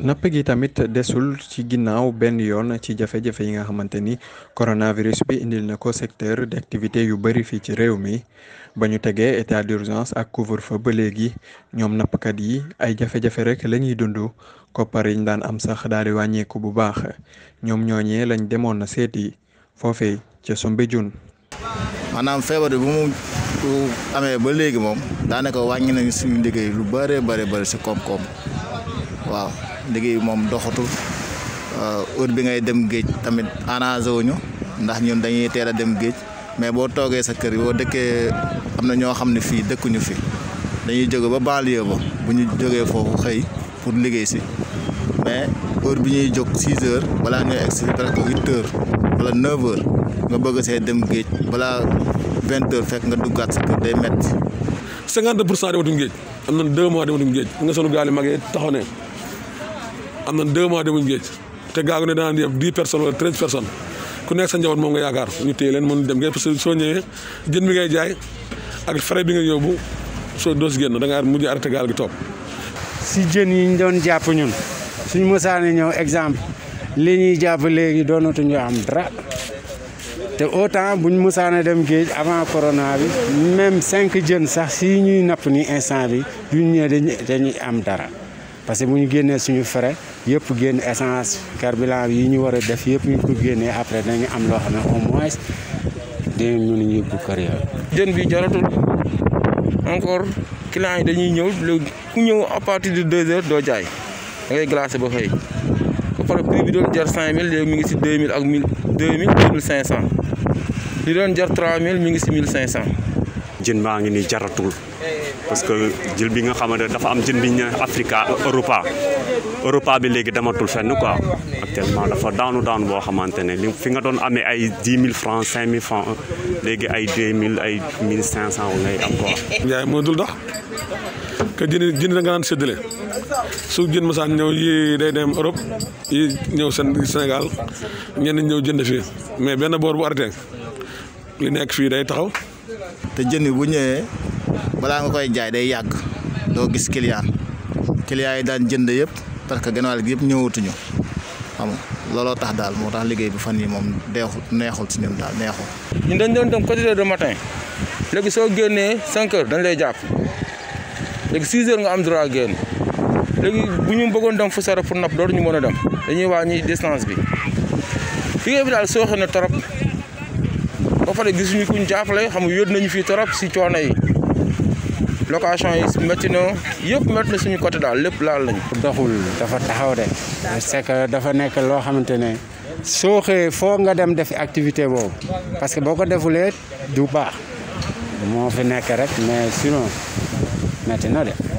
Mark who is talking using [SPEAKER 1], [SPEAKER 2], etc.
[SPEAKER 1] napp gi tamit desul ci ginnaaw benn yoon ci jafe-jafe yi nga xamante ni coronavirus bi indil na ko secteur d'activité yu bari fii ci réew mi ba ñu tegee état d'urgence ak couvre-feu ba léegi ñoom nappkat yi ay jafe-jafe rek lañuy ñuy dund koppar yi daan am sax daal di wàññeeku bu baax ñoom ñooñee lañ demoon na seeti foofee ca Soumbédioune.
[SPEAKER 2] maanaam feebar bu mu amee ba léegi moom daanaka wàññi nañu suñu liggéey lu bëree bëri bëri si koom-koom. waaw liggéey bi moom doxatul euh, heure bi ngay dem géej tamit arrangé wuñu ndax ñun dañuy teel a dem géej mais boo toogee sa kër yi boo dëkkee am na ñoo xam ne fii dëkkuñu fi dañuy jóge ba banlieue ba bu ñu jógee foofu xëy pour liggéey si mais heure bi ñuy jóg 6 heures balaa ñooy egg si presque 8 heures wala 9 heures nga bëgg see dem géej
[SPEAKER 3] balaa 20 heures fekk nga duggaat sa kër day metti 50 pour cent dematuñu géej am na 2 mois dematuñu géej nga sunu gaal yi mag am na deux mois demuñ géej te gaagu ne danaan yëpp dix personnes wala treize personnes ku nekk sa njaboot moom nga yaakaar ñu téye leen mën dem géej parce que soo ñëwee jën bi ngay jaay ak frais bi nga yóbbu soo doo si génn da ngaa mujj arrêté gaal gi toog.
[SPEAKER 4] si jën yi ñu doon jàpp ñun suñu mosaane ñëw exemple li ñuy jàpp léegi doo doonatuñu am dara te autant buñ mosaane dem géej avant corona bi même cinq jën sax si ñuy napp ni instant bi duñ ñëwee dañuy am dara. parce que mu ñu génne suñu frais yëpp génn essence carburant yi ñu war a def yëpp ñu ko génnee après dañu am loo xam ne au moins dinañ mën a jën bi jaratul encore clients yi dañuy
[SPEAKER 5] ñëw léegi ku ñëw à partir de deux heures doo jaay da ngay glacé ba xëy ba pare prix bi doon jar cinq mille léegi mi ngi si deux mille ak mille cinq cent li doon jar trois mille mi
[SPEAKER 4] ngi si mille cinq cent. jën maa ngi nii jaratul. parce que jël bi nga xamante dafa am jën bi ñu ne Africa Europa Europa bi léegi dematul fenn quoi actuellement dafa daanu daanu boo xamante ne li fi nga doon amee ay dix mille francs cinq mille francs
[SPEAKER 3] léegi ay deux mille ay mille cinq cent ngay am quoi. Njaay moo dul dox que jën jën da nga naan séddale su jën masaan ñëw yi day dem Europe yi ñëw Sénégal ñenn ñëw jënd fii mais benn boor bu arrêté li nekk fii day taxaw. te jën bu ñëwee. balaa nga koy jaay day yàgg
[SPEAKER 2] doo gis client client yi daan jënd yëpp parce que gannaaw gi yëpp ñëwatuñu xam looloo tax daal moo tax liggéey bi fan yi moom deexul neexul si ñun daal neexul. ñun
[SPEAKER 5] dañ doon dem côté de matin léegi soo génnee 5 heures dañ lay jàpp léegi 6 heures nga am droit ñu bëggoon dem fu sore pour napp dootuñu mën a dem dañuy wàññi distance bi liggéey bi daal sooxe na trop ba pare gisuñu kuñ jàppale xam nga yóot nañu fii trop si coono yi. location yi métti na yëpp métti na suñu côté daal lépp laal lañu.
[SPEAKER 4] doxul dafa taxaw de c'est dafa nekk loo xamante ne soo xëyee foo nga dem defi activité boobu parce que boo ko defulee du baax moo fi nekk rek mais sinon métti na de.